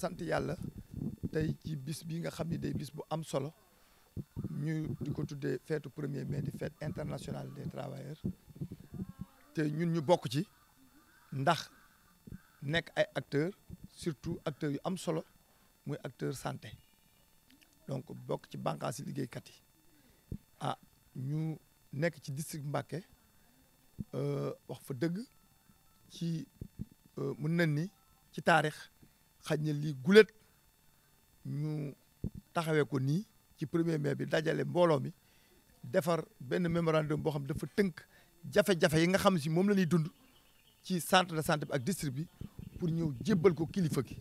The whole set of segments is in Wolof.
sant yàlla tey ci bis bi nga xam ne day bis bu am solo ñu di ko tuddee feetu premier mai di fête internationale des travailleurs te ñun ñu bokk ci ndax nekk ay acteurs surtout acteurs yu am solo muy acteur santé donc bokk ci bànqaas yi liggéeykat yi ah ñu nekk ci district Mbacké euh, wax fa dëgg ci euh, mën nañ ni ci taarix xaj na lii gulet ñu taxawee ko nii ci premier mais bi dajale mbooloo mi defar benn mémorandum boo xam dafa tënk jafe-jafe yi nga xam si moom la ñuy dund ci centre de santé bi ak district bi pour ñëw jébbal ko kilifa gi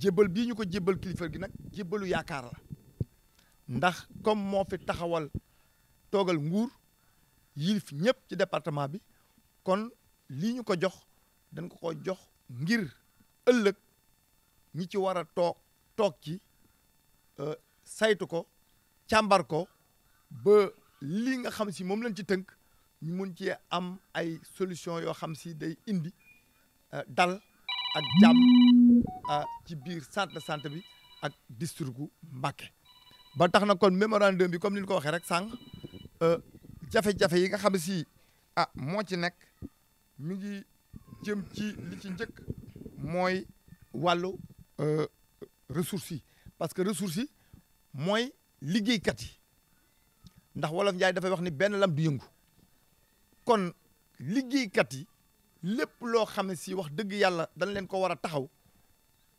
jébbal bii ñu ko jébbal kilifa gi nag jébbalu yaakaar la ndax comme moo fi taxawal toogal nguur yilif ñëpp ci département bi kon lii ñu ko jox dañ ko ko jox ngir ëllëg ñi ci war a toog toog ci euh, saytu ko càmbar ko ba lii nga xam si moom lañ ci tënk ñu mun cee am ay solution yoo xam si day indi euh, dal ak a euh, ci biir centre sant bi ak district gu ba tax na kon mémorandum bi comme ni ñu ko waxee rek sànq jafe-jafe yi nga xam si a ah, moo ci nekk mi ngi jëm ci li ci njëkk mooy wàllu Euh, ressources yi parce que ressources yi mooy liggéeykat yi ndax wolof Njaay dafay wax ni benn lam du yëngu kon liggéeykat yi lépp loo xam ne si wax dëgg yàlla dañ leen ko war a taxaw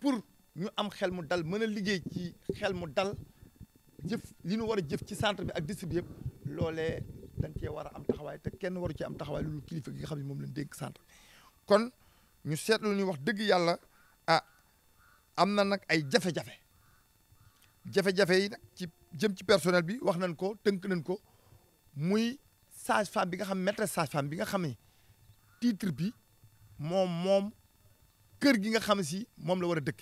pour ñu am xel mu dal mën a liggéey ci xel mu dal jëf li ñu war a jëf ci centre bi ak district bi yëpp loole dañ cee war a am taxawaay te kenn waru ci am taxawaay loolu kilifa gi nga xam ne moom lañ dégg centre kon ñu seetlu ni wax dëgg yàlla am na nag ay jafe-jafe jafe yi nag ci jëm ci personnel bi wax nañ ko tënk nañ ko muy sage-femme bi nga xam maîtresse sage-femme bi nga xam ne titre bi moom moom kër gi nga xam si moom la war a dëkk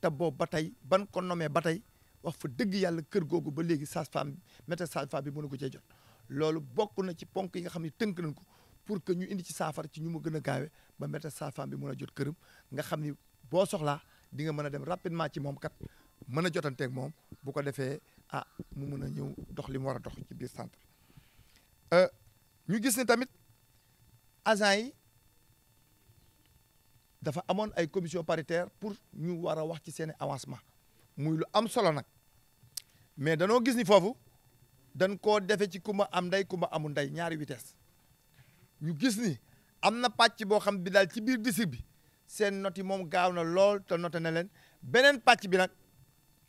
te boobu ba tey ban ko nommé ba tey wax fa dëgg yàlla kër googu ba léegi sage-femme bi maîtresse sage-femme bi mënu ko cee jot loolu bokk na ci ponk yi nga xam ne tënk nañ ko pour que ñu indi ci saafara ci ñu mu gën a gaawe ba maîtresse sage bi mën a jot këram nga xam ni boo soxlaa di nga mën a dem rapidement ci moom kat mën a jotanteek moom bu ko defee ah mu mën a ñëw dox li war a dox ci biir centre euh, ñu gis ni tamit agent yi dafa amoon ay commission paritaire pour ñu war a wax ci seen avancement muy lu am solo nag mais danoo gis ni foofu dañ koo defe ci kumba am ndey kumba amul ndey ñaari vitesse ñu gis ni am na pàcc boo xam bi daal ci biir district bi seen not yi moom gaaw na lool te noté na leen beneen pàcc bi nag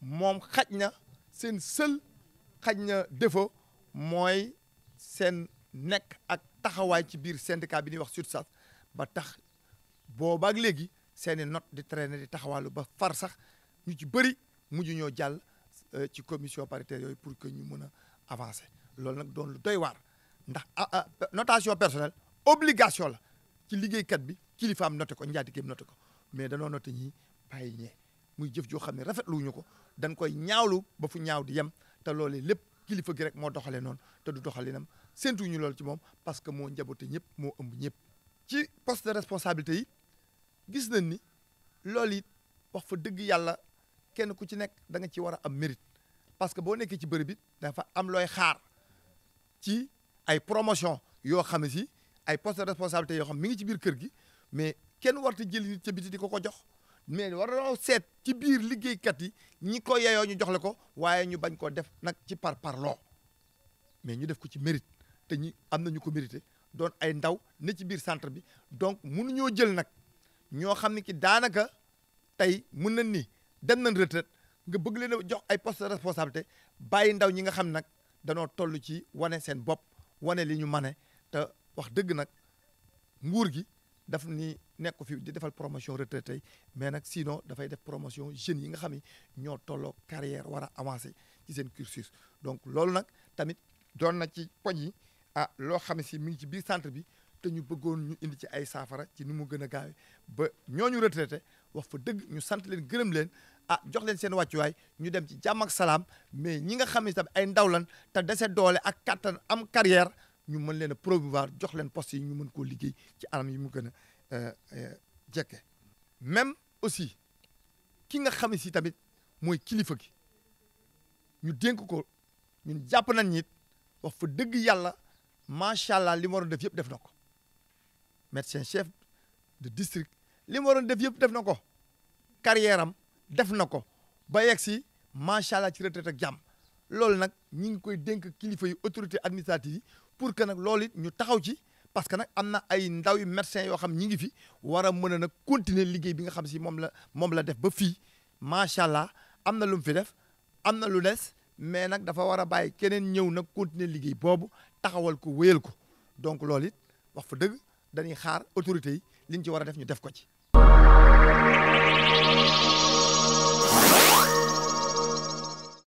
moom xaj na seen sël xaj na défaut mooy seen nekk ak taxawaay ci biir syndicat bi ñuy wax SUTSAS ba tax boobaak ak léegi seeni not di traîner di taxawaalu ba far sax ñu ci bëri mujj ñoo jàll euh, ci commission paritaire yooyu pour que ñu mun a avancer loolu nag doon lu doy waar ndax ah, ah, notation personnelle obligation la ci liggéeykat bi kilifaam noté ko njaatigéem noté ko mais danoo noté ñi bàyyi ñee muy jëf joo xam ne rafetluwuñu ko dañ koy ñaawlu ba fu ñaaw di yem te loolee lépp kilifa gi rek moo doxalee noonu te du doxalinam séntuwuñu loolu ci moom parce que moo njaboote ñëpp moo ëmb ñëpp. ci post de responsabilité yi gis nañ ni loolu it wax fa dëgg yàlla kenn ku ci nekk danga nga ci war a am mérite parce que boo nekkee ci bërëb bi dafa am looy xaar ci ay promotion yoo xam ne si ay poste de responsabilité yoo xam mi ngi ci biir kër gi. mais kenn warta jël nit ca biti di ko ko jox mais war na seet ci biir liggéeykat yi ñi ko yeyoo ñu jox la ko waaye ñu bañ koo def nag ci par parloo mais ñu def ko ci mérite te ñi am na ñu ko mérité doon ay ndaw ne ci biir centre bi donc ñoo jël nag ñoo xam ne ki daanaka tey mun na ni dem nañ retraite nga bëgg leen jox ay post de responsabilité bàyyi ndaw ñi nga xam nag danoo toll ci wane seen bopp wane li ñu mane te wax dëgg nag nguur gi daf ni nekk fi di defal promotion retraité yi mais nag sinon dafay def promotion jeunes yi nga xam ni ñoo tolloo carrière war a avancé ci seen cursus donc loolu nag tamit doon na ci poñ yi ah loo xam si mi ngi ci biir centre bi te ñu bëggoon ñu indi ci ay saafara ci ni mu gën a gaawe ba ñoo ñu retraité wax fa dëgg ñu sant leen gërëm leen ah jox leen seen wàccuwaay ñu dem ci jàmm ak salaam mais ñi nga xam ne tamit ay ndaw lan te dese doole ak kattan am carrière ñu mën leen a promouvoir jox leen poste yi ñu mën koo liggéey ci anam yi mu gën a euh, euh, jekke même aussi ki nga xam si tamit mooy kilifa gi ñu dénk ko ñun jàpp nañ nit wax fa dëgg yàlla macha allah li mu waroon def yëpp def na ko médecin chef de district li mu waroon def yëpp def na ko carrière def na ko ba yegg si macha allah ci retraite ak jàmm loolu nag ñi ngi koy dénk kilifa yu autorité administrative yi pour que nag loolu it ñu taxaw ci parce que nag am na ay ndaw yu médecin yoo xam ñi ngi fi war a mën a nag continuer liggéey bi nga xam si moom la moom la def ba fii macha allah am na lu mu fi def am na lu des mais nag dafa war a bàyyi keneen ñëw nag continuer liggéey boobu taxawal ko wéyal ko donc loolu it wax fa dëgg dañuy xaar autorités yi liñ ci war a def ñu def ko ci